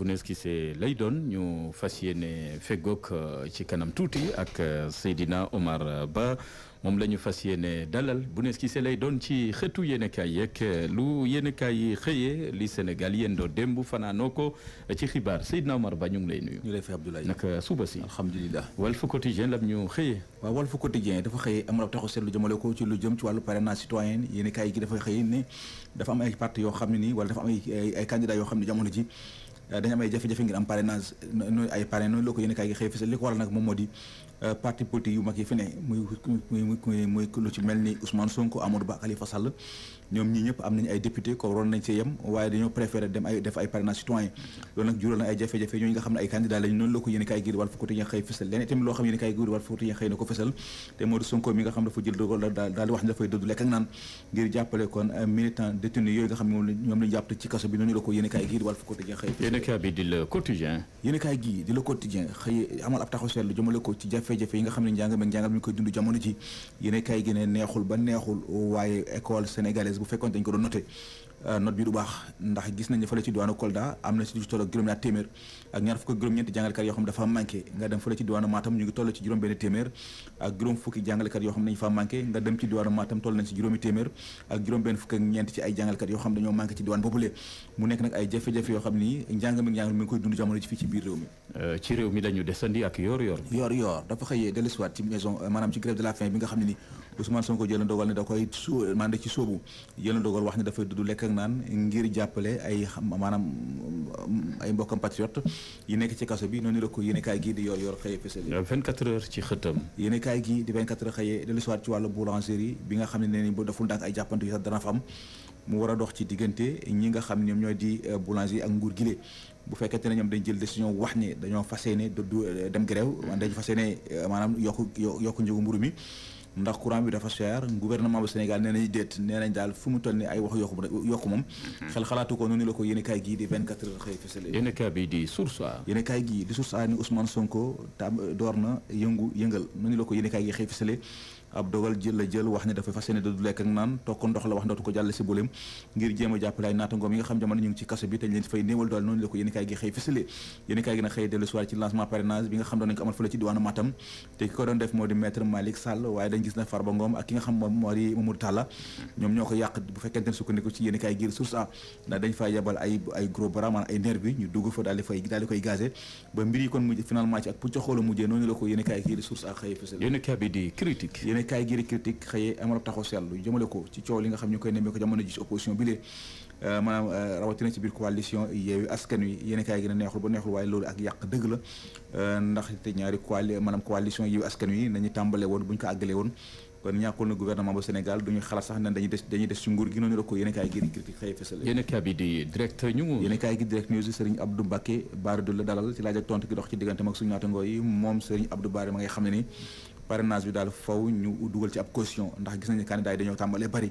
bu nu esquissé lay doon ñu fas yéene feggoog euh, ci kanam tuuti ak euh, Seydina Omar Ba moom la fas yéene dalal bu nu esquissé lay doon ci xëtu yéenekaay yeeg euh, lu yéenekaay yi xëyee li Sénégal yendoo démb fanaanoo ko ci xibaar Seydina Omar Ba ñu ngi lay nuyu. ñu lay fay Abdoulaye naka suba si. alhamdulilah Walf Quotidien lam ñu xëyee. waaw Walf Quotidien dafa xëyee am na taxaw seetlu jëmale ko ci lu jëm ci wàllu parrainage citoyen yéenekaay gi dafa xëyee ne dafa am ay parti yoo xam ne nii wala dafa am ay ay yoo xam ne jamono ji dañu am ay jafe-jafe ngir am parrainage nooy ay parrain noonu la ko yéen a xëy fësal li ko nag moom moo di Euh, parti politique yu mag yi fi ne muy muy muy mel ni Ousmane Sonko Amadou Ba Khalifa Sall ñoom ñii ñëpp am nañu ay député ko waroon nañ ci yem waaye dañoo préféré dem ay def ay parrainage citoyen loolu nag nga xam ne ay candidat daal di wax ne dafay dëddu lekk naan ngir jàppale kon euh, militant détenu yooyu nga xam ne ñoom lañu jàpp ci kaso bi noonu la ko yéen giir Walf Quotidien xëy fësal yéen kaay bi di le quotidien yéen kaay di le quotidien jafe-jafe yi nga xam ne njàng meeg njàngal mi ñu koy dund jamono ji yéen kay gi ne neexul ba neexul waaye école sénégalaise bu fekkoon dañ ko doon noté Euh, note bi du baax ndax gis nañ ne fële ci diwaanu Kolda am na ci lu ci toll téeméer ak ñaar fukk ak ñeenti jàngalekat yoo xam ne dafa manqué nga dem fële ci diwaanu Matam ñu ngi toll ci juróom benn téeméer ak juróom nga dem ci diwaanu Matam toll nañ ci juróomi téeméer ak juróom benn fukk ak ñeent ci ay jàngalekat yoo xam ne dañoo manqué ci diwaan boobule mu nekk nag ay jafe-jafe yoo xam ni njàng mi njàng mi ngi koy dund jamono fii ci biir réew mi euh, ci réew mi lañu desandi ak yoor yoor yoor yoor dafa xëyee de su Ousmane Sonko jël na dogal ne da koy su maanaam da ci sóobu jël na dogal wax ne dafay du lekk ak naan ngir jàppale ay maanaam mm, ay mbokkam patriote yi nekk ci kaso bi noonu rek ko yéene kaay gii di yor yor xëye fësal 24 euh, heures ci xëtam yéene kaay gii di 24 heures xëye dellu siwaat ci wàllu boulangerie bi nga xam ne nee nañ bu deful ndànk ay jàppante yu sax dana fa am mu war a dox ci diggante ñi nga xam ñoom ñoo di euh, boulanger ak nguur gile bu fekkente ne ñoom dañ jël décision wax ne dañoo fas yéene du dem grève dañu fas yéene euh, maanaam yokku yokku njëgu mburu mi ndax courant bi dafa cher gouvernement bu Sénégal nee nañ déet nee nañ daal fu mu toll ni ay wax yokku yokku moom mhm. xel xalaatu ko noonu la ko yéen kaay gii di 24 heures xëy fësale yéen kaay bi di source a yéen kaay gii di source a ni Ousmane Sonko door na yëngu yëngal noonu la ko yéen kaay gi xëy fësale ab dogal jël la jël wax ne dafa fas yéene du lekk ak naan toog ndox la wax ndootu ko jàll si bulim ngir jéem jàppale ay naatangoom yi nga xam jamono a ñu ko yéen kaay gi source a xëy fësale ne kaay gi di critique xëyee amalab taxaw seetlu jëmale ko ci euh, euh, gi ne neexul ba neexul waaye loolu ak yàq dëgg la euh, ndax te ñaari coali maanaam coalition Yewwi Askan Wi nañu tàmbale woon bu ñu ko àggale woon kon ñàkkul na gouvernement bu Sénégal duñu xalaat sax ne dañuy des ci nguur gi noonu la ko yéen gi di critique xëyee fësal dox ci digganteem ak suñu naatangoo yi moom Serigne Abdou Bara ma parrainage bi daal faw ñu dugal ci ab caution ndax gis nañu candidat yi dañoo tàmbalee bari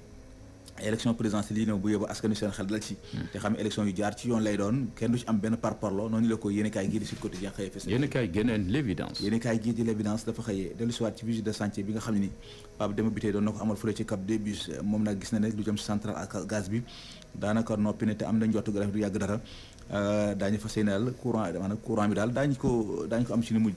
élection présidentielle yi ñëw bu yóbbu askan wi seen xel dal ci hmm. te xam ne élection yu jaar ci yoon lay doon kenn du ci am benn par parlo noonu la ko yéen kaay di Sud Quotidien nga xam ni Pape Demba Bitèye doon na ko amal fële ci Cap des Bus moom nag gis na ne lu jëm centrale ak gaz bi daanaka noppi ne te am na njottu grafit du yàgg dara Euh, daañu fas yéene daal courant maanaam courant bi daal daañu ko daañu ko am ci lu mu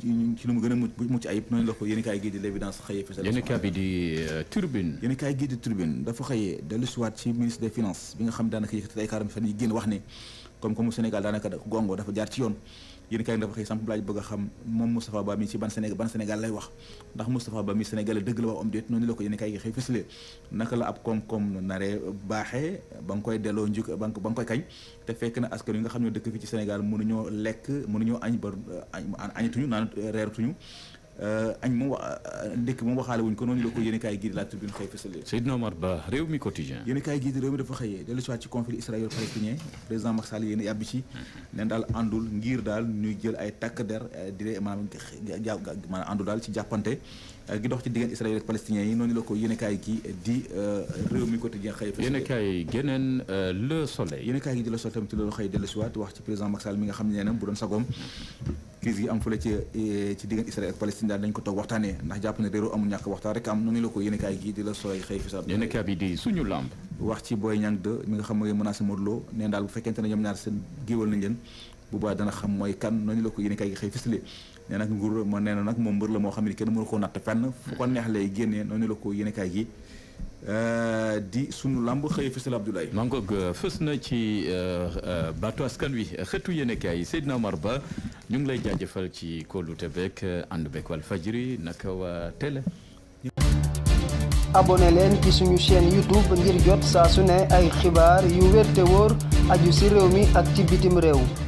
mu gën a mucc ayib noonu la ko yéen kaay gii di l'évidence xëyee fësal yéen kaay bi di euh, turbine yéen kaay gii di turbine dafa xëyee dellusiwaat ci ministre des finances bi nga xam daanaka yëkkati ay kaaram fan yi génn wax ne comme comme Sénégal daanaka gongo dafa jaar ci yoon yéen kay dafa xëy samp laaj bëgg xam moom Moustapha Ba mi ci ban Sénégal ban Sénégal lay wax ndax Moustapha Ba mi Sénégal dëgg la wax am déet noonu la ko yéen kay xëy ab koom-koom naree baaxee ba nga koy delloo njuk ba nga koy te fekk na askan yi nga xam ne dëkk fi ci Sénégal mënuñoo lekk mënuñoo añ ba añatuñu naan reeratuñu Euh, añ moom wa euh, ndékk moom waxaale wuñ ko noonu la ko yéen kaay gii di la tribune xëy fësale Seydina Omar Ba réew mi quotidien yéen kaay gii di réew mi dafa xëyee dellu si waat ci conflit israël palestinien président Macky Sall yéen yàbbi ci leen mhm. daal àndul ngir daal ñuy jël ay takk der euh, dire maanaam maanaam àndul daal ci jàppante gi dox ci diggante israël ak palestinien yi noonu la ko yéen kaay gi di réew mi quotidien xëy fësale yéen kaay geneen le soleil yéen kaay gi di le soleil tamit loolu xëy dellu si waat wax ci président Macky Sall mi nga xam ne bu doon sagoom mhm. crise gi am fële ci eh, ci diggante Israël ak Palestine daal dañ ko toog waxtaanee ndax jàpp ne amul ñàkk waxtaan rek am noonu la ko yéenekaay gi di la sooy xëy fi sax yéenekaay la ko yéenekaay gi moom mbër la moo xam ne kenn mënu koo natt fenn fu neex lay génnee noonu la ko yéenekaay gi Euh, di suñu làmb xëy fësal Abdoulaye. maa ngi euh, fës na ci euh, baatu askan wi xëtu yéenekaay yi Seydina Omar Ba ñu ngi lay jaajëfal ci kóolute beeg ànd beeg Walfadjri naka waa télé. abonné leen ci suñu chaîne YouTube ngir jot saa su ne ay xibaar yu wér te aju si réew mi ak ci réew.